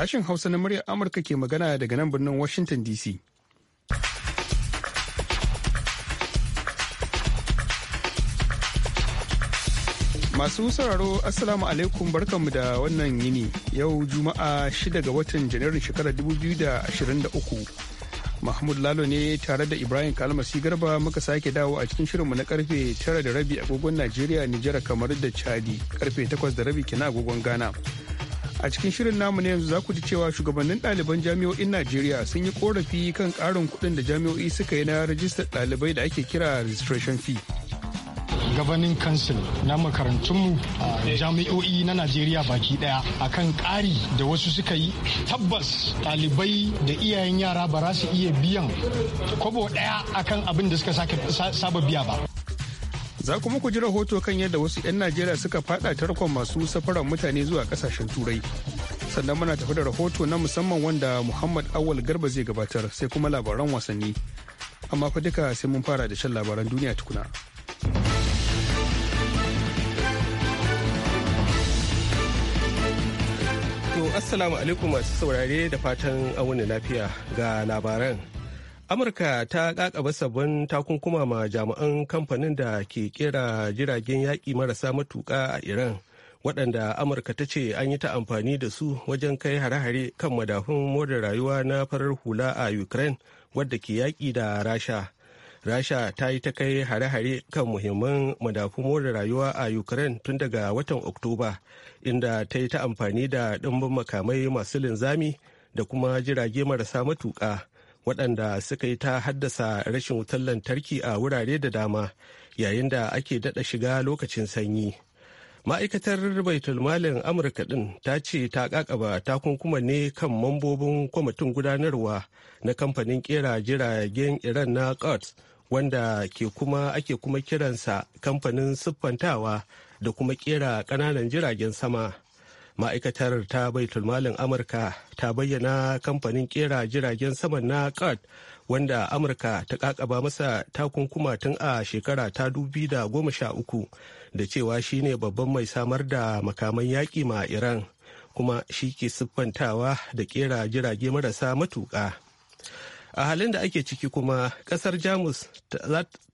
Sashen Hausa na muryar Amurka ke magana daga nan birnin Washington DC. Masu sauraro Assalamu alaikum barkanmu da wannan yini yau Juma'a 6 ga watan Janairun shekarar 2023. Mahmud Lalo ne tare da Ibrahim Kalmasi Garba muka sake dawo a cikin shirinmu na karfe tara da rabi agogon Najeriya, Nijar kamar da Chadi, karfe takwas da rabi kina agogon Ghana. a cikin shirin namu ne yanzu za ku ji cewa shugabannin ɗaliban jami'o'in najeriya sun yi korafi kan ƙarin kuɗin da jami'o'i suka yi na rajistar ɗalibai da ake kira registration fee gabanin kansil na makarantunmu a jami'o'i na najeriya baki daya akan ƙari da wasu suka yi tabbas ɗalibai da iyayen yara ba su iya biyan kwabo daya akan abin da suka saba biya ba Za kuma ku ji rahoto kan yadda wasu 'yan Najeriya suka fada tarkon masu safarar mutane zuwa kasashen Turai. Sannan muna tafi da rahoto na musamman wanda Muhammad Awal Garba zai gabatar sai kuma labaran wasanni. Amma fa duka sai mun fara da shan labaran duniya tukuna. To Assalamu alaikum masu saurare da fatan auni lafiya ga labaran. amurka ta kakaba sabon takunkuma ma jami'an kamfanin da ke kera jiragen yaƙi marasa matuƙa a iran waɗanda amurka ta ce an yi ta amfani da su wajen kai hare-hare kan madafun more rayuwa na farar hula a ukraine wadda ke yaƙi da rasha rasha ta yi ta kai hare-hare kan muhimman madafun more rayuwa a ukraine tun daga watan oktoba inda ta yi ta amfani da ɗimbin makamai masu linzami da kuma jirage marasa matuƙa waɗanda suka yi ta haddasa rashin wutar lantarki a wurare da dama yayin da ake daɗa shiga lokacin sanyi. Ma'aikatar malin Amurka ɗin ta ce ta ƙaƙaba takunkuma ne kan mambobin kwamitin gudanarwa na kamfanin ƙera jiragen Iran na Quds wanda ke kuma ake kuma kiransa kamfanin siffantawa da kuma ƙera ƙananan jiragen sama. ma'aikatar ta baitul malin amurka ta bayyana kamfanin kera jiragen saman na kad wanda amurka ta kakaba masa takunkuma tun a shekara ta dubi da goma sha uku da cewa shine babban mai samar da makaman yaƙi ma iran kuma shi ke siffantawa da kera jirage marasa matuƙa. a halin da ake ciki kuma kasar jamus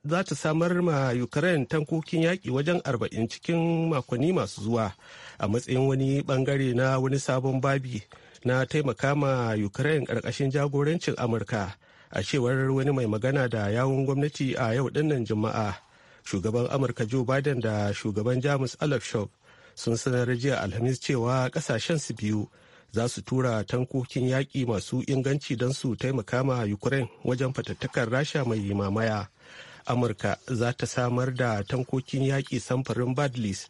za ta samar ma ukraine tankokin yaƙi wajen arba'in cikin makonni masu zuwa a matsayin wani bangare na wani sabon babi na taimaka ma ukraine ƙarƙashin jagorancin amurka a cewar wani mai magana da yawun gwamnati a yau dinnan juma'a shugaban amurka joe biden da shugaban jamus olaf sun sanar jiya alhamis cewa kasashen su biyu za su tura tankokin yaƙi masu inganci don su taimaka ma ukraine wajen fatattakar rasha mai mamaya amurka za ta samar da tankokin yaƙi samfurin badlis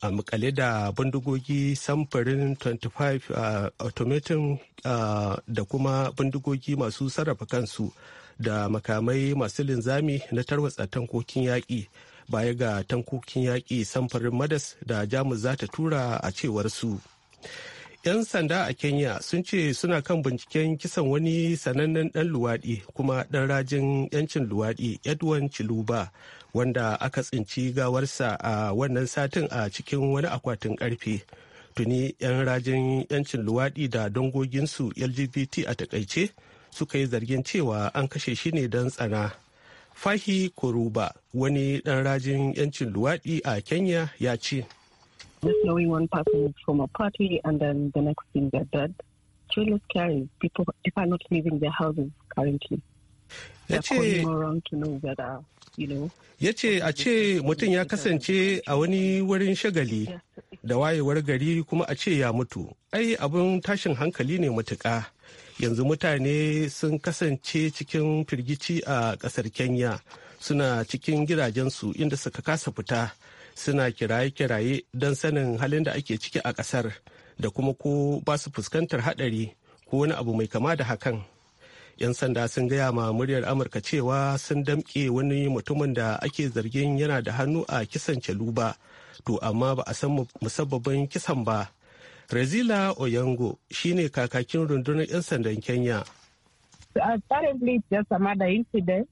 a makale da bindigogi samfurin 25 automatin da kuma bindigogi masu sarrafa kansu da makamai masu linzami na tarwatsa tankokin yaƙi baya ga tankokin yaƙi samfurin madas da jamus za ta tura a cewar su 'Yan sanda a Kenya sun ce suna kan binciken kisan wani sanannen ɗan luwaɗi kuma ɗan rajin 'yancin luwaɗi Edwin Chiluba wanda aka tsinci gawarsa a wannan satin a cikin wani akwatin karfe Tuni 'yan rajin 'yancin luwaɗi da dangoginsu LGBT a takaice suka yi zargin cewa an kashe shi ne don tsana. Fahi Koruba wani ɗan rajin 'yancin luwaɗi a Kenya ya ce. Just knowing one person from a party and then the next thing they're dead. It's really scary. People, people are not leaving their houses currently. ya ce a ce mutum ya kasance a wani wurin shagali da wayewar gari kuma a ce ya mutu ai abin tashin hankali ne matuƙa yanzu mutane sun kasance cikin firgici a ƙasar kenya suna cikin gidajensu inda suka kasa fita suna kiraye-kiraye don sanin halin da ake ciki a ƙasar da kuma ko ba su fuskantar haɗari ko wani abu mai kama da hakan. 'Yan sanda sun gaya ma muryar Amurka cewa sun damƙe wani mutumin da ake zargin yana da hannu a kisan Caluba, to amma ba a san musabbabin kisan ba. Razila Oyango shine kakakin rundunar 'yan sandan Kenya. Apparently, just another incident.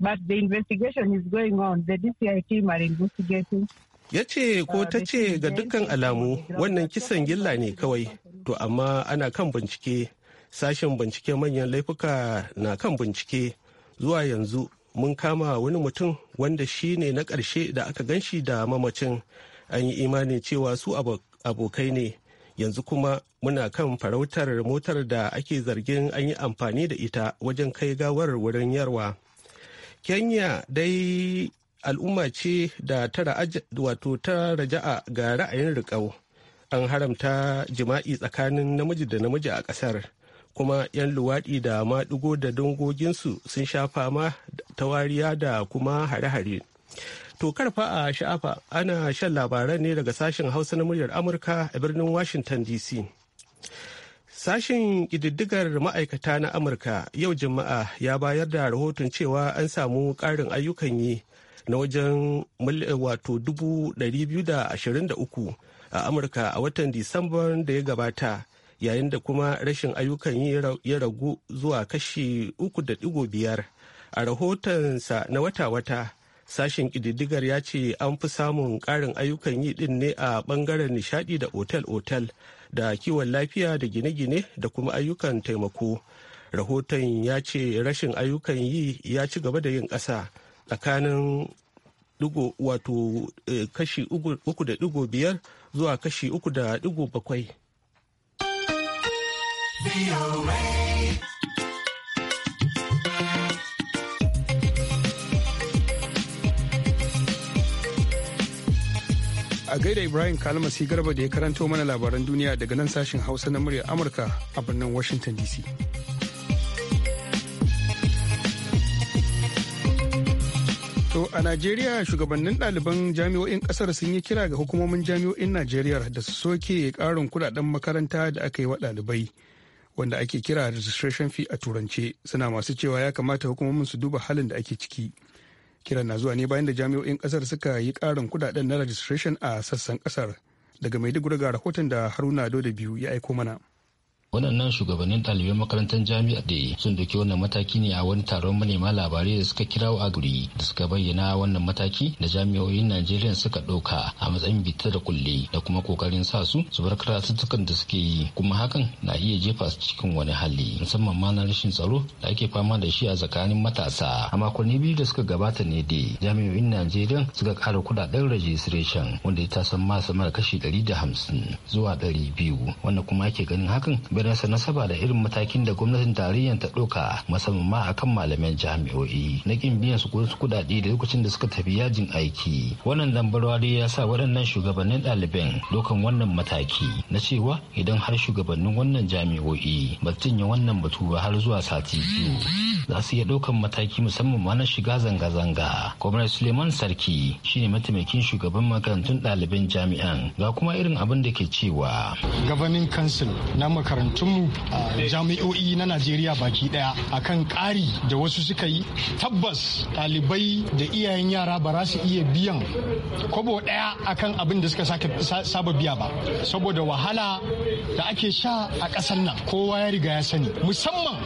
But the investigation is going on. The DCI team are investigating. Ya ce ko uh, ta ce ga dukkan alamu wannan kisan gilla ne kawai, to amma ana kan bincike, sashen bincike manyan laifuka na kan bincike zuwa yanzu mun kama wani mutum wanda shi ne na karshe da aka ganshi da mamacin an yi imanin cewa su abokai ne yanzu kuma muna kan farautar motar da ake zargin an yi amfani da ita wajen kai gawar wurin yarwa. kenya dai al'umma ce da wato ta raja'a ga ra'ayin riƙau an haramta jima'i tsakanin namiji da namiji a ƙasar kuma 'yan luwaɗi da maɗigo da dangoginsu sun sha fama ta wariya da kuma hare-hare to karfa a sha'afa ana shan labaran ne daga sashen hausa na muryar amurka a birnin washington dc Sashen ƙididdigar ma'aikata na Amurka yau Juma'a ya bayar da rahoton cewa an samu ƙarin ayyukan yi na wajen wato uku a Amurka a watan Disamban da ya gabata yayin da kuma rashin ayyukan yi ya ragu zuwa kashi 3.5 a rahotonsa na wata-wata. sashen ƙididdigar ya ce an fi samun ƙarin ayyukan yi ɗin ne a ɓangaren nishaɗi da otel-otel da kiwon lafiya da gine-gine da kuma ayyukan taimako rahoton ya ce rashin ayyukan yi ya ci gaba da yin ƙasa tsakanin wato eh, kashi uku da digo biyar zuwa kashi uku da digo bakwai. a gaida Ibrahim Kalmasi Garba da ya karanto mana labaran duniya daga nan sashen Hausa na muryar Amurka a birnin Washington DC. To a Najeriya shugabannin ɗaliban jami'o'in ƙasar sun yi kira ga hukumomin jami'o'in Najeriya da su soke ƙarin kudaden makaranta da aka yi wa ɗalibai wanda ake kira registration fee a turance suna masu cewa ya kamata hukumomin su duba halin da ake ciki. kiran na zuwa ne bayan da jami'o'in kasar suka yi karin kudaden na registration a sassan kasar daga maiduguri ga rahoton da haruna dole biyu ya aiko mana waɗannan shugabannin ɗaliban makarantar jami'a da sun doki wannan mataki ne a wani taron manema labarai da suka kirawo a guri da suka bayyana wannan mataki da jami'o'in najeriya suka ɗauka a matsayin bita da kulle da kuma kokarin sa su su bar karatuttukan da suke yi kuma hakan na iya jefa su cikin wani hali musamman ma na rashin tsaro da ake fama da shi a tsakanin matasa a makonni biyu da suka gabata ne da jami'o'in najeriya suka ƙara kuɗaɗen registration wanda ya tasan ma mara kashi ɗari da hamsin zuwa ɗari biyu wanda kuma ake ganin hakan bai nasaba da irin matakin da gwamnatin tarayyar ta ɗauka musamman ma akan malaman jami'o'i na kin biyan su kuɗin kuɗaɗe da lokacin da suka tafi yajin aiki wannan dambarwa dai ya sa waɗannan shugabannin ɗaliban dokan wannan mataki na cewa idan har shugabannin wannan jami'o'i ba cinye wannan batu ba har zuwa sati biyu za su iya ɗaukan mataki musamman ma na shiga zanga-zanga kwamar suleiman sarki shine mataimakin shugaban makarantun ɗaliban jami'an ga kuma irin abin da ke cewa gabanin kansil na makarantun. makarantunmu a jami'o'i na najeriya baki daya akan ƙari da wasu suka yi tabbas ɗalibai da iyayen yara ba za su iya biyan kobo daya akan abin da suka saba biya ba saboda wahala da ake sha a ƙasar nan kowa ya riga ya sani musamman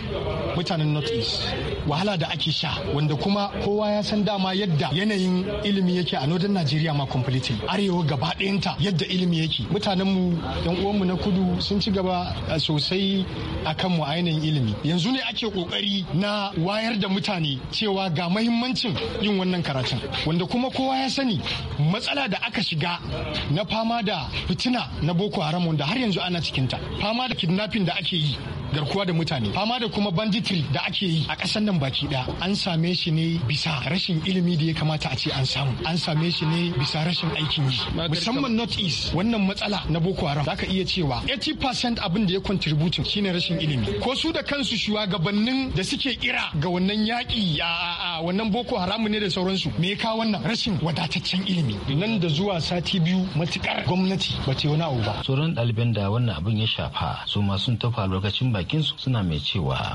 mutanen north east wahala da ake sha wanda kuma kowa ya san dama yadda yanayin ilimi yake a northern nigeria ma completely arewa gaba ɗayanta yadda ilimi yake mutanen mu yan uwanmu na kudu sun ci gaba eh, sosai akan mu ainihin ilimi yanzu ne ake kokari na wayar da mutane cewa ga mahimmancin yin wannan karatun wanda kuma kowa ya sani matsala da aka shiga na fama da fitina na boko haram wanda har yanzu ana cikinta fama da kidnapping da ake yi garkuwa da mutane fama da kuma bandit da ake yi a ƙasar nan baki ɗaya an same shi ne bisa rashin ilimi da ya kamata a ce an samu an same shi ne bisa rashin aikin yi musamman north east wannan matsala na boko haram zaka iya cewa 80% abin da ya contributing shine rashin ilimi ko su da kansu shugabannin da suke kira ga wannan yaki. a wannan boko haramun ne da sauransu me ya kawo wannan rashin wadataccen ilimi nan da zuwa sati biyu matukar gwamnati ba ta wani abu ba sauran ɗaliban da wannan abin ya shafa su ma sun tafa lokacin bakin su suna mai cewa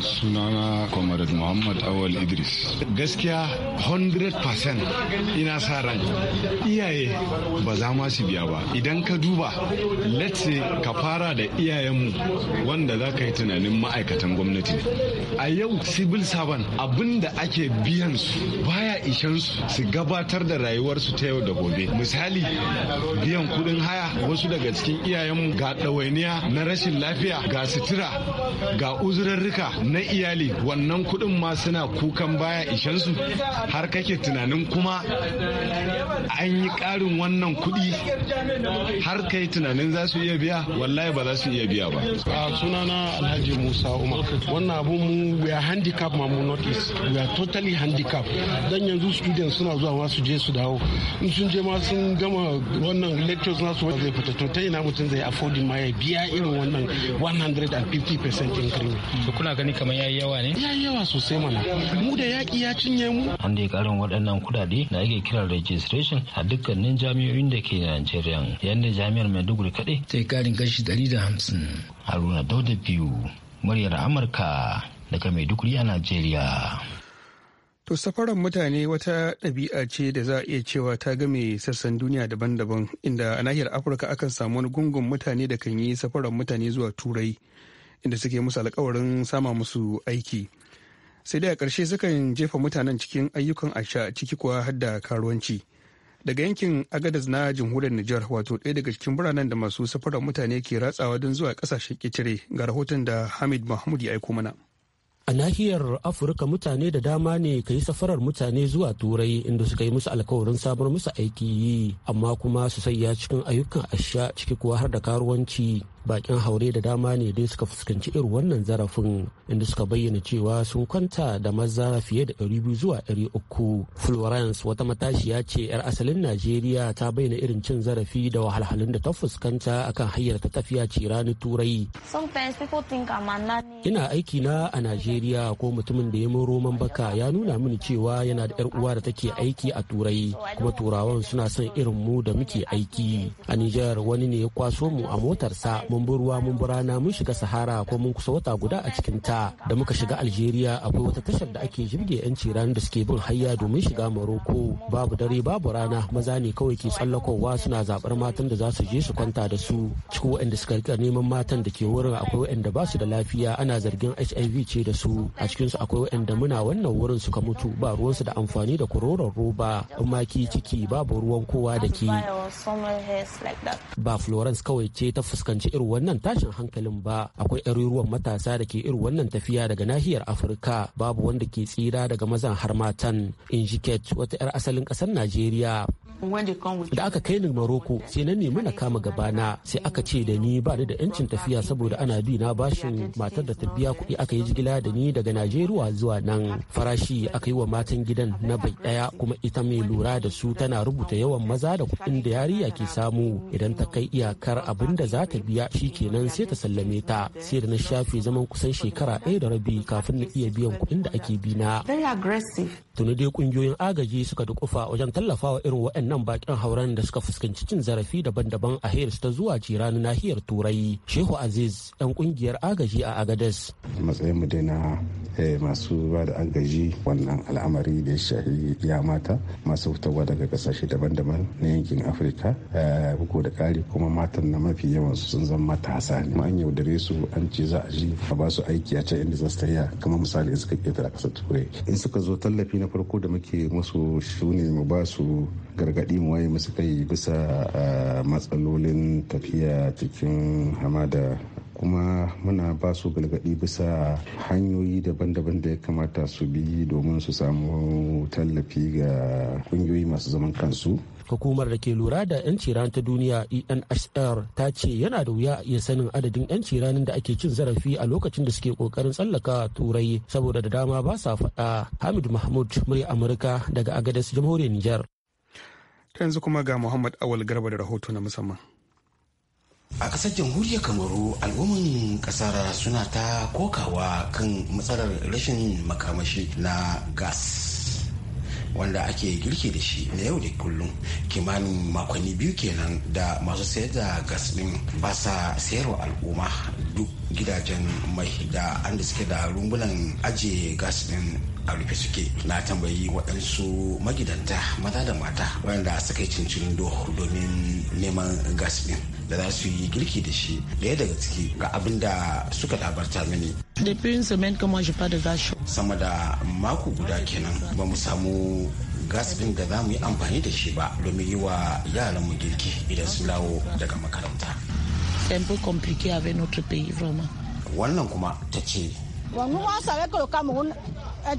sunana comrade muhammad awal idris gaskiya 100% ina sa ran iyaye ba za ma su biya ba idan ka duba let's ka fara da iyayenmu wanda za ka yi tunanin ma'aikatan gwamnati a yau civil servant abin da ake ake biyan baya ishan su gabatar da rayuwarsu ta yau da gobe misali biyan kudin haya wasu daga cikin iyayenmu ga ɗawainiya na rashin lafiya ga sutura ga uzurarrika na iyali wannan kudin ma suna kukan baya ishan su har kake tunanin kuma an yi ƙarin wannan kudi har kai tunanin za su iya biya wallahi ba za su iya biya ba sunana alhaji musa umar wannan abun mu we are handicap ma mu not we are totally handicap dan yanzu students suna zuwa ma su je su dawo in sun je ma sun gama wannan lectures nasu wanda zai fita to ta ina mutum zai afford ma ya biya irin wannan 150% increment to kuna gani kamar yayi yawa ne yayi yawa sosai mana mu da yaki ya cinye mu an da karin waɗannan kudade da ake kira registration a dukkanin jami'o'in da ke Najeriya yanda jami'ar Maiduguri kaɗai sai karin kashi 150 Haruna Dauda biyu muryar Amurka daga Maiduguri a Najeriya. To safaran mutane wata ɗabi'a ce da za a iya cewa ta game sassan duniya daban-daban inda a nahiyar Afirka akan samu wani gungun mutane da kan yi safaran mutane zuwa turai inda suke musu alkawarin sama musu aiki. Sai dai a ƙarshe sukan jefa mutanen cikin ayyukan asha ciki kuwa har da karuwanci. Daga yankin Agadez na jamhuriyar Nijar wato ɗaya daga cikin biranen da masu safaran mutane ke ratsawa don zuwa ƙasashen ƙetare ga rahoton da Hamid Mahmud ya aiko mana. A nahiyar Afirka mutane da dama ne ka yi safarar mutane zuwa Turai inda suka yi musu alkawarin samar musu aiki yi, amma kuma su sayya cikin ayyukan asha ciki kuwa har da karuwanci. bakin haure da dama ne dai suka fuskanci irin wannan zarafin inda suka bayyana cewa sun kwanta da maza fiye da 200 zuwa 300 florence wata matashiya ce 'yar asalin najeriya ta bayyana irin cin zarafi da wahalhalun da ta fuskanta akan hanyar ta tafiya ce ranar turai ina aiki na a najeriya ko mutumin da ya min roman baka ya nuna mini cewa yana da 'yar uwa da take aiki a turai kuma turawan suna son irin mu da muke aiki a nijar wani ne ya kwaso mu a motarsa mu mun bi ruwa mun bi rana mun shiga sahara ko mun kusa wata guda a cikin ta da muka shiga algeria akwai wata tashar da ake jirge yanci ranar da suke bin hayya domin shiga morocco babu dare babu rana maza ne kawai ke tsallakowa suna zabar matan da za su je su kwanta da su cikin waɗanda suka rika neman matan da ke wurin akwai waɗanda ba su da lafiya ana zargin hiv ce da su a cikinsu akwai waɗanda muna wannan wurin suka mutu ba ruwansu da amfani da kororon roba in ma ki ciki babu ruwan kowa da ke ba florence kawai ce ta fuskanci irin irin wannan tashin hankalin ba akwai ɗaruruwan matasa da ke irin wannan tafiya daga nahiyar afirka babu wanda ke tsira daga mazan har matan in wata 'yar asalin ƙasar najeriya da aka kai ni maroko sai na nemi na kama gabana sai aka ce da ni ba da yancin tafiya saboda ana bi na bashin matar da ta biya kuɗi aka yi jigila da ni daga najeriya zuwa nan farashi aka yi wa matan gidan na bai ɗaya kuma ita mai lura da su tana rubuta yawan maza da kuɗin da yariya ke samu idan ta kai iyakar abin da za ta biya shi kenan sai ta sallame ta sai da na shafe zaman kusan shekara ɗaya da rabi kafin na iya biyan kuɗin da ake bi na. Tuni dai kungiyoyin agaji suka dukufa wajen tallafawa irin waɗannan waɗannan bakin hauren da suka fuskanci cin zarafi daban-daban a hiyar ta zuwa jirani nahiyar turai shehu aziz ɗan ƙungiyar agaji a agades matsayin mu dai na eh, masu ba da agaji wannan al'amari da ya shahi ya mata masu fitowa daga kasashe daban-daban na yankin afirka eh, buku da ƙari kuma matan na mafi yawan su sun zama matasa ne an yaudare su an ce za a ji a ba su aiki a can inda za su tayya kama misali in suka a ƙasar turai in suka zo tallafi na farko da muke musu ne mu ba su gargaɗi gargaɗi mu waye musu kai bisa ah, matsalolin tafiya cikin hamada kuma muna ba su gargaɗi bisa hanyoyi daban-daban da ya kamata su bi domin su samu tallafi ga ƙungiyoyi masu zaman kansu hukumar da ke lura da 'yanci ran ta duniya enhr ta ce yana da wuya a iya sanin adadin 'yanci ranar da ake cin zarafi a lokacin da suke kokarin tsallaka turai saboda da dama ba sa faɗa hamid mahmud murya amurka daga agadas jamhuriyar niger yanzu kuma ga muhammad awal garba da rahoto na musamman a kasar jamhuriyar kamaru al'umman kasar suna ta kokawa kan matsalar rashin makamashi na gas wanda ake girki da shi na yau da kullum kimanin makonni biyu kenan da masu sayar da gas din ba sa sayarwa al'umma duk gidajen mai da an da suke da rumbunan ajiye gas din a rufe suke na tambayi waɗansu magidanta maza da mata waɗanda suka yi cincin domin neman gas ɗin da za su yi girki da shi daya daga ciki ga abin da suka labarta mini. Depuis Sama da mako guda kenan ba mu samu gas din da za mu yi amfani da shi ba domin yi wa yaranmu girki idan su lawo daga makaranta. Wannan kuma ta ce Eh,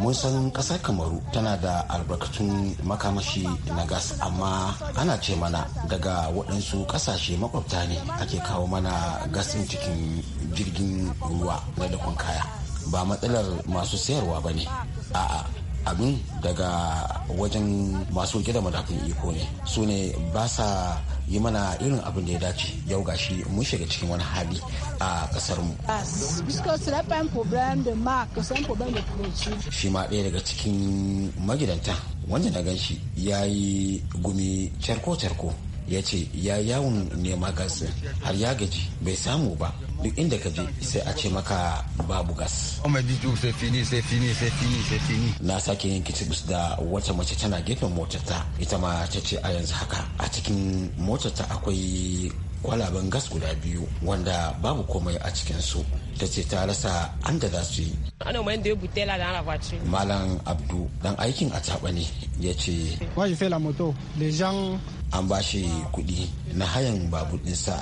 Mun san ƙasar Kamaru tana da albarkatun makamashi na gas amma ana ce mana daga waɗansu ƙasashe makwabta ne ake kawo mana gas gasin cikin jirgin ruwa na dakon kaya. Ba matsalar masu sayarwa ba ne. A'a abin daga wajen masu da madafin iko ne su ne ba sa yi mana irin abin da ya dace yau gashi mun shiga cikin wani hali a kasar mu shi ma ɗaya daga cikin magidanta wanda na gan shi ya yi gumi charko-charko ya ce ya yawon nema gas har ya gaji bai samu ba duk inda ka je sai a ce maka babu gas. Na sake yin kitibus da wata mace tana gefen motarta ita ma ta ce a yanzu haka a cikin motarta akwai kwalaben gas guda biyu wanda babu komai a cikinsu ta ce ta rasa an da za su yi. Malam Abdu dan aikin a ne ya ce. moto, les an ba shi kuɗi na hayan babu ɗinsa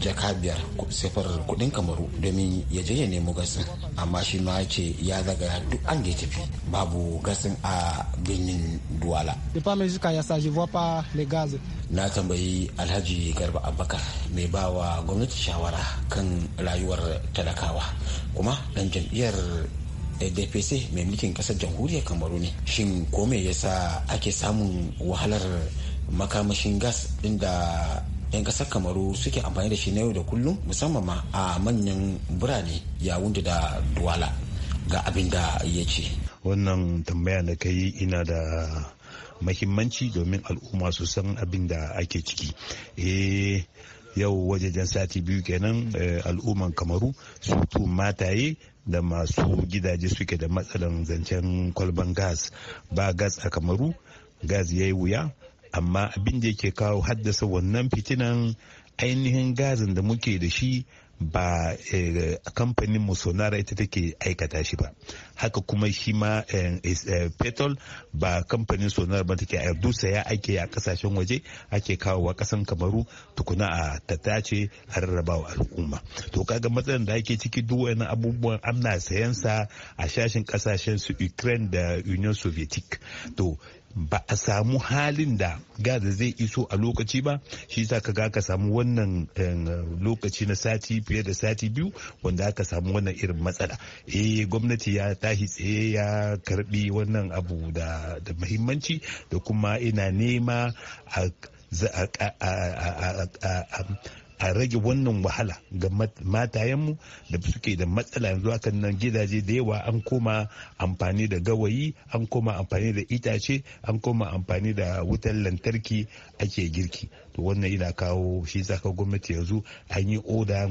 jaka biyar sifar kuɗin kamaru domin ya je ya nemo gasin amma shi ma ce ya zaga duk an da tafi babu gasin a birnin duwala na tambayi alhaji garba abubakar mai ba wa gwamnati shawara kan rayuwar talakawa kuma dan jam'iyyar dpc mai mulkin kasar jamhuriyar kamaru ne shin ko me yasa ake samun wahalar makamashin gas inda da 'yan kasar kamaru suke amfani da shi na yau da kullum musamman ma a manyan birane ya wunda da duwala ga abin da ya ce wannan tambaya da ka ina da mahimmanci domin al'umma su san abin da ake ciki eh yau wajejen sati biyu kenan eh, al'umman kamaru su tu mataye da masu gidaje suke da matsalan zancen kwalban gas ba gas a kamaru gas ya yi wuya amma abin da yake kawo haddasa wannan fitinan ainihin gazin da muke da shi ba eh, kamfanin musonara ita take aikata shi ba haka kuma shi ma eh, eh, petrol ba kamfanin sonar ba take a dusa ya ake a kasashen waje ake kawowa kasan kamaru tukuna a tattace a rarrabawa al'umma to kaga matsalar da ake ciki duk wani abubuwan amna sayan sa a shashin kasashen su ukraine da union soviet to ba a samu halin da gada zai iso a lokaci ba shi sa ka ga ka samu wannan eh, lokaci na sati fiye da sati biyu wanda aka samu wannan irin matsala eh gwamnati ya tashi tsaye ya karbi wannan abu da muhimmanci da kuma ina nema a rage wannan wahala ga matayenmu da suke da matsala yanzu akan nan gidaje da yawa an koma amfani da gawayi an koma amfani da itace an koma amfani da wutar lantarki ake girki to wannan ina kawo shi zaka gwamnati yanzu an yi oda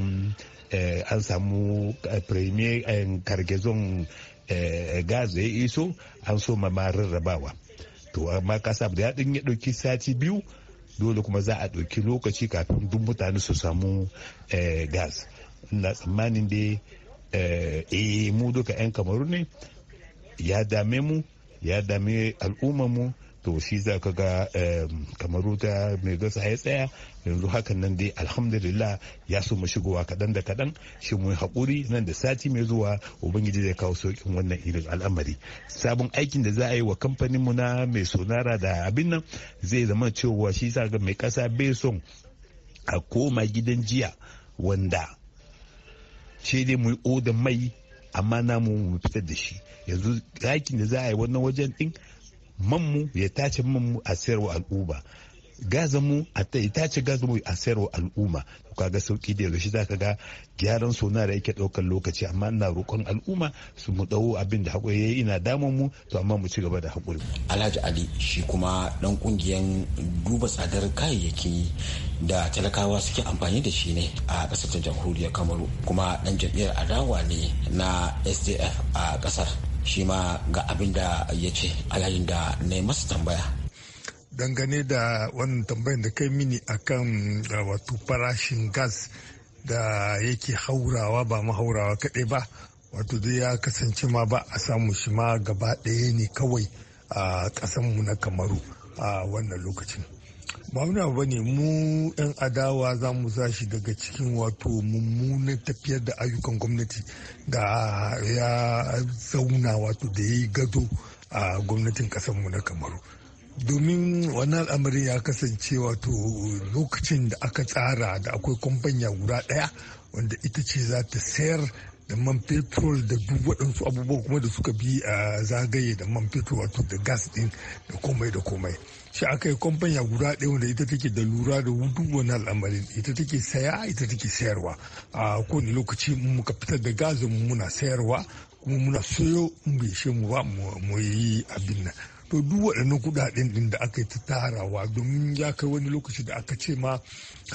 eh, an samu eh, premier kargezon eh, Eh, gas da ya iso an so ma rarrabawa to amma kasa da ya ya ɗauki sati biyu dole kuma za a ɗauki lokaci kafin duk mutane su samu eh, gas na tsammanin da eh, eh mu duka 'yan kamaru ne ya dame mu ya dame al'ummar mu to shi za ka ga kamaru ta mai gasa ya tsaya yanzu hakan nan dai alhamdulillah ya so mu shigowa kaɗan da kadan shi mu haƙuri nan da sati mai zuwa ubangiji zai kawo sauƙin wannan irin al'amari sabon aikin da za a yi wa kamfanin mu na mai sonara da abin nan zai zama cewa shi za ga mai kasa bai son a koma gidan jiya wanda shi dai mu yi odan mai amma namu mu fitar da shi yanzu aikin da za a yi wannan wajen din manmu ya tace manmu a sayarwa al'umma gazanmu a tace gazanmu a sayarwa al'umma kaga sauki da yaushe zaka ga gyaran sona da yake daukar lokaci amma ina roƙon al'umma su mu dawo abin da hakuri yayi ina damun mu to amma mu ci gaba da hakuri Alhaji Ali shi kuma dan kungiyan duba tsadar kayayyaki da talakawa suke amfani da shi ne a ƙasar ta jamhuriyar Kamaru kuma dan jam'iyyar adawa ne na SDF a ƙasar shi ma ga abin da ya ce alayin da na yi masa tambaya dangane da wannan tambayar da kai mini akan ah, wato farashin gas da yake haurawa ba mahaurawa kaɗai ba wato dai ya kasance ma ba a samu shi ma gaba ɗaya ne kawai a ƙasanmu na kamaru a wannan lokacin ba wani abu bane mu 'yan adawa za mu shi daga cikin wato mummunan tafiyar da ayyukan gwamnati da ya zauna wato da ya yi gado a gwamnatin mu na kamaru domin wannan al'amarin ya kasance wato lokacin da aka tsara da akwai kwamfanya guda ɗaya wanda ita ce za ta sayar da man fetur da duk waɗansu abubuwa kuma da suka bi a zagaye da man fetur wato da gas ɗin da komai da komai shi aka yi kwamfanya guda ɗaya wanda ita take da lura da duk wani al'amarin ita take saya ita take sayarwa a kowane lokaci muka fitar da gazin muna sayarwa kuma muna soyo in bai ishe mu ba mu yi abin nan to duk waɗannan kuɗaɗen ɗin da aka yi ta tarawa domin ya kai wani lokaci da aka ce ma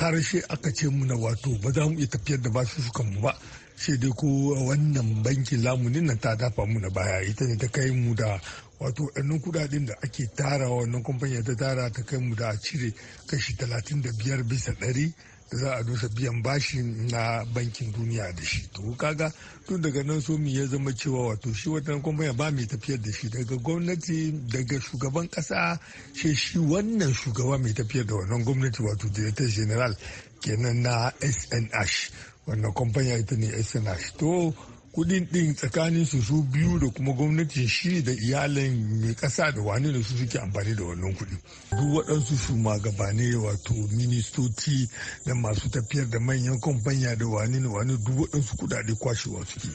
harshe aka ce muna wato ba za mu iya tafiyar da basusukan mu ba sai dai ko wannan bankin lamunin nan ta dafa mu na baya ita ne ta kai mu da wato waɗannan kudaden da ake tara wannan kamfani ta tara ta kai mu da a cire kashi 35 bisa ɗari da za a dosa biyan bashi na bankin duniya da shi to kaga tun daga nan so mi ya zama cewa wato shi wannan kamfani ba mai tafiyar da shi daga gwamnati daga shugaban kasa shi shi wannan shugaba mai tafiyar da wannan gwamnati wato director general kenan na snh wannan kamfani ita ne snh to kudin din tsakanin su su biyu da kuma gwamnati shi da iyalan mai kasa da wani da su suke amfani da wannan kudi duk waɗansu su magabane wato ministoci da masu tafiyar da manyan kamfanya da wani da wani duk waɗansu kudade kwashewa suke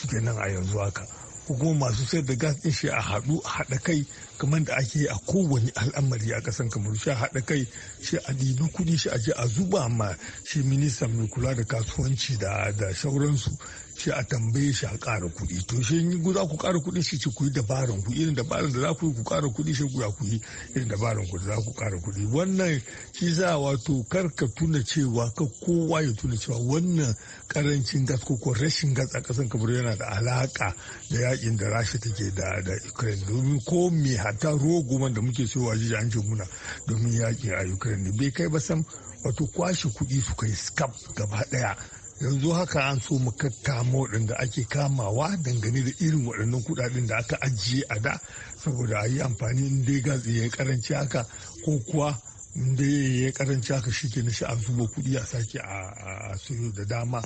suke nan a yanzu haka ko kuma masu sayar da gas din shi a haɗu a haɗa kai kamar da ake a kowane al'amari a kasan kamar shi a haɗa kai shi a ɗibi kuɗi shi a je a zuba ma shi ministan mai kula da kasuwanci da da sauransu shi a tambaye shi a ƙara kuɗi to shi in za ku ƙara kuɗi shi ce ku yi dabaran ku irin dabaran da za ku yi ku ƙara kuɗi shi ku ya ku yi irin dabaran ku da za ku ƙara kuɗi wannan shi za wato kar ka tuna cewa ka kowa ya tuna cewa wannan karancin gas ko ko rashin gas a ƙasar kamar yana da alaƙa da yakin da rasha take da da ukraine domin ko me hatta goma da muke sayo waje da an ce muna domin yaƙi a ukraine bai kai ba sam wato kwashe kuɗi su kai scap gaba ɗaya yanzu haka an so mu kakkama waɗanda ake kamawa dangane da irin waɗannan kuɗaɗen da aka ajiye a da saboda a yi amfani in dai gas ya karanci haka ko kuwa da ya karanci haka shi ke nishi an zuba kuɗi a sake a sayo da dama.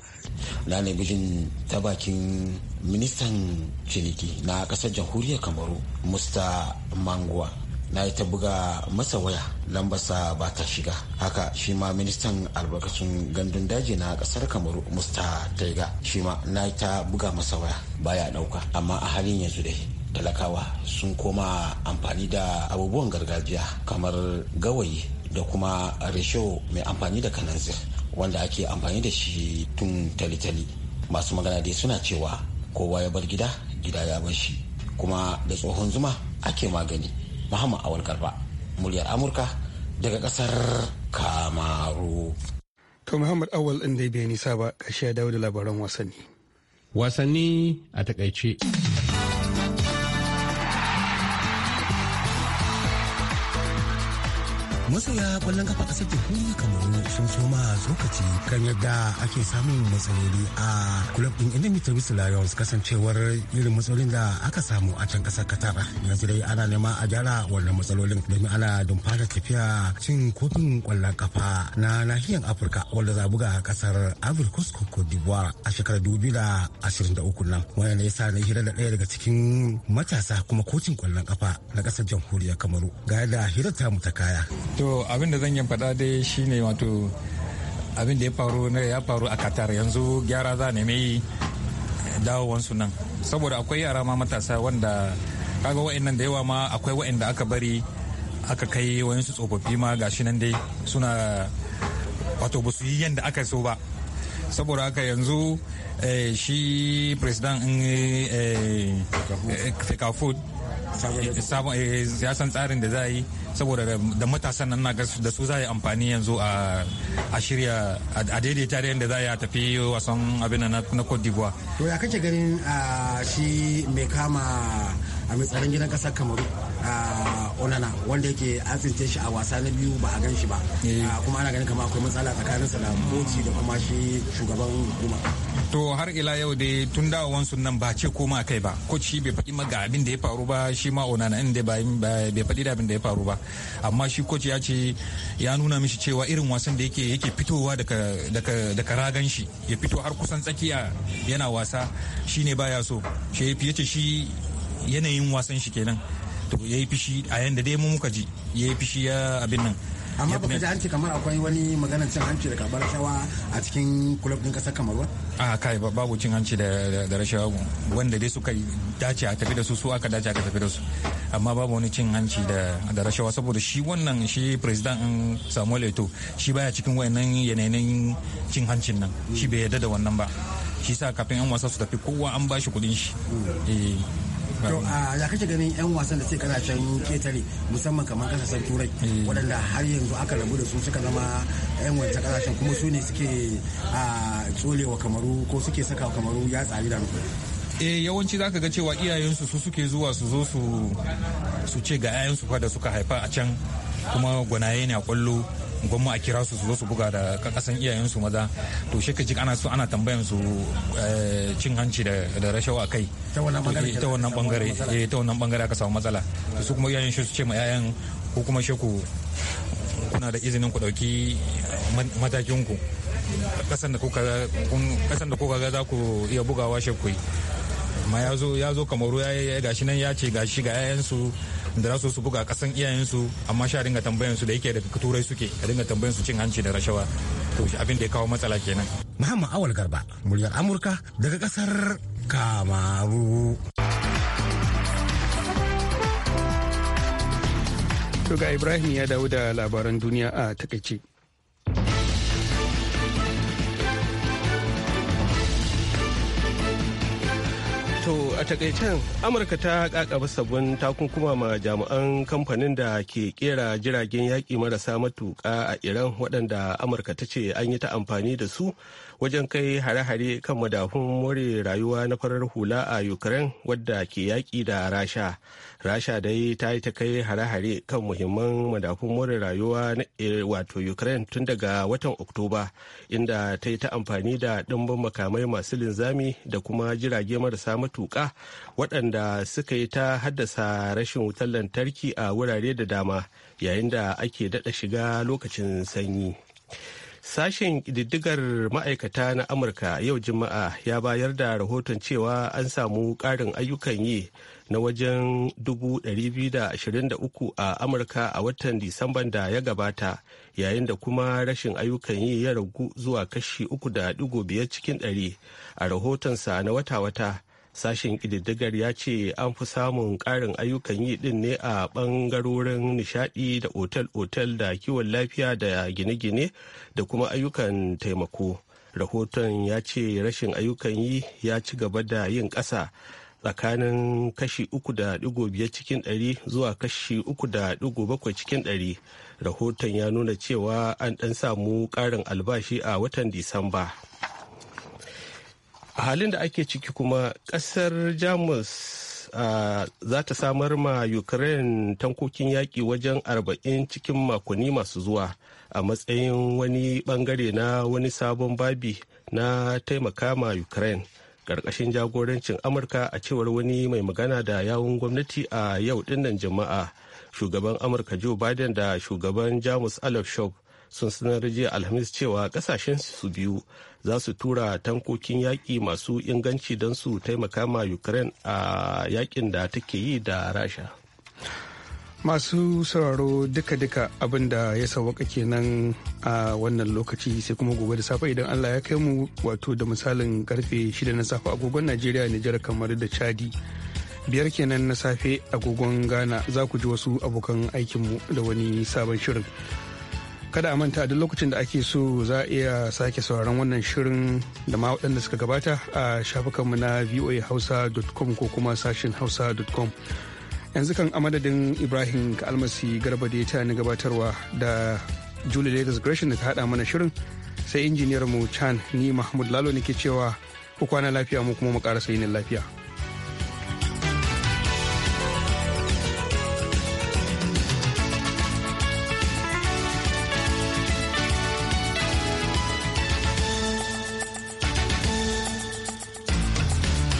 Na ne bijin ta bakin ministan ciniki na ƙasar jamhuriyar Kamaru, Musta Manguwa. na yi ta buga masa waya lambarsa ba ta shiga haka shi ma ministan albarkacin gandun daji na kasar kamaru musta taiga shi ma na yi ta buga masa waya baya dauka amma a halin yanzu dai talakawa sun koma amfani da abubuwan gargajiya kamar gawayi da kuma risho mai amfani da kananzir wanda ake amfani da shi tun talitali masu magana dai suna cewa kowa ya bar gida gida ya bar shi kuma da tsohon zuma ake magani muhammad awal garba muryar amurka daga kasar kamaru to muhammad awal inda bai nisa ba shi ya dawo da labaran wasanni wasanni a takaice masoya kwallon kafa sake jamhuriyar kamaru sun soma tsokaci kan yadda ake samun matsaloli a kulab din indomitris lions kasancewar irin matsalolin da aka samu a can kasar qatar yanzu dai ana nema a gyara wannan matsalolin domin ana don fara tafiya cin kofin kwallon kafa na nahiyar afirka wanda za buga kasar ivory coast cote d'ivoire a shekarar 2023 nan wannan ne sa na hira da ɗaya daga cikin matasa kuma kocin kwallon kafa na kasar jamhuriyar kamaru ga yadda hirar ta mu ta kaya to abin da zan yi faɗa dai shine wato abin da ya faru na ya faru a qatar yanzu gyara za ne mai dawowansu nan saboda akwai yara ma matasa wanda kaga wa'annan da yawa ma akwai wa'anda aka bari aka kai wayansu tsofaffi ma gashi nan dai suna wato ba su yi yadda aka so ba saboda haka yanzu eh, shi president in eh, eh, eh Eh, ya eh, siyasan tsarin da za yi saboda da matasan nan na da su za yi amfani yanzu a shirya a daidaita da yadda za a tafi wasan abin na Cote d'Ivoire. To ya kake ganin ah, shi mai kama a ah, mai tsaron gidan kasar Kamaru ah, onana wanda yake asince shi a wasa na biyu ba a gan shi ba eh. ah, kuma ana ganin kama akwai matsala tsakanin sa da koci da kuma shi shugaban hukuma to har ila yau dai tun dawowan sun nan ba ce koma kai ba shi bai faɗi maga abin da ya faru ba shi ma onana in dai bai faɗi da abin da ya faru ba amma shi coach ya ce ya nuna mishi cewa irin wasan da yake yake fitowa daga ragan shi ya fito har kusan tsakiya yana wasa shine baya so shi ya ce shi yanayin wasan shi kenan to yayi fishi a yadda dai mu muka ji ya yi fishi ya abin nan amma baka ji an ce kamar akwai wani maganar cin hanci da karɓar rashawa a cikin kulob din kasar kamar ba a kai babu cin hanci da rashawa wanda dai suka dace a tafi da su su aka dace aka tafi da su amma babu wani cin hanci da rashawa saboda shi wannan shi president in samuel eto shi baya cikin wayannan yanayin cin hancin nan shi bai yarda da wannan ba shi sa kafin yan wasa su tafi kowa an ba shi kudin shi hmm. eh. to a ah, ya ganin yan wasan da suke kana can ketare musamman kamar kasashen turai mm. waɗanda har yanzu aka rabu da su suka zama yan wancan kasashen kuma su ne suke a ah, tsolewa kamaru ko suke saka kamaru ya tsari da eh yawanci zaka ga cewa iyayensu su suke zuwa su zo su ce ga 'ya'yansu fa da suka haifa a can kuma gwanaye ne a kwallo gwamma a kira su su zo su buga da kasan iyayensu maza to shi ka ji ana so ana tambayan su eh, cin hanci da rashawa kai ta wannan bangare eh, eh, ta wannan bangare aka samu matsala to su kuma iyayen shi su ce ma iyayen ko kuma sheku kuna da izinin ku dauki matakin ku kasan da kuka kasan da kuka ga za ku iya bugawa sheku amma ya zo ya zo kamaru ya gashi nan ya ce gashi ga 'ya'yan su da za su buga kasan iyayensu amma sha dinga tambayan su da yake daga turai suke a dinga tambayan su cin hanci da rashawa to abin da ya kawo matsala kenan muhammad awal garba muryar amurka daga kasar kamaru to ibrahim ya dawo da labaran duniya a takaice a takaicen Amurka ta kakaba sabon takunkuma ma jami'an kamfanin da ke kera jiragen yaƙi marasa matuƙa a Iran waɗanda Amurka ta ce an yi ta amfani da su wajen kai hare-hare kan madafun more rayuwa na farar hula a Ukraine wadda ke yaƙi da Rasha. Rasha dai ta yi ta kai hare-hare kan muhimman madafun more rayuwa na eh, wato Ukraine tun daga watan Oktoba inda ta yi ta amfani da ɗimbin makamai masu linzami da kuma jirage marasa matuƙa waɗanda suka yi ta haddasa rashin wutar lantarki a wurare da dama yayin da ake daɗa shiga lokacin sanyi. Sashen ƙididdigar ma'aikata na Amurka yau Juma'a ya bayar da rahoton cewa an samu ƙarin ayyukan yi na wajen 223 a Amurka a watan Disamban da ya gabata yayin da kuma rashin ayyukan yi ya ragu zuwa kashi 3.5 cikin 100 a rahotonsa na wata-wata Sashen kididdigar ya ce an fi samun ƙarin ayyukan yi din ne a ɓangarorin nishaɗi da otal-otal da kiwon lafiya da gine-gine da kuma ayyukan taimako. Rahoton ya ce rashin ayyukan yi ya ci gaba da yin ƙasa tsakanin kashi uku da digo biyar cikin ɗari zuwa kashi uku da digo bakwai cikin ɗari rahoton ya nuna cewa an ɗan samu ƙarin albashi a watan disamba a halin da ake ciki kuma kasar jamus za ta samar ma ukraine tankokin yaƙi wajen arba'in cikin makonni masu zuwa a matsayin wani bangare na wani sabon babi na taimaka ma ukraine ƙarƙashin jagorancin amurka a cewar wani mai magana da yawun gwamnati a yau dinnan jama'a shugaban amurka joe biden da shugaban jamus alaf shop sun sanar jiya alhamis cewa kasashen su biyu za su tura tankokin yaƙi masu inganci don su taimaka ma ukraine a yakin da take yi da rasha masu sauraro duka-duka abinda ya sauwaka kenan a wannan lokaci sai kuma gobe da safe idan allah ya kai mu wato da misalin karfe shida na safe agogon najeriya nijar kamar da chadi biyar kenan na safe agogon ghana za ku ji wasu abokan aikinmu da wani sabon shirin kada a manta duk lokacin da ake so za a iya sake sauraron wannan shirin da ma waɗanda suka gabata a shafukanmu na voahausa.com ko kuma sashin hausa.com yanzu kan amadadin ibrahim almasi garba da ya ta ni gabatarwa da julie latest gresham da ta haɗa mana shirin sai injiniyar mu chan ni mahmud lalo ne ke cewa ku kwana lafiya mu kuma mu ƙara yinin lafiya.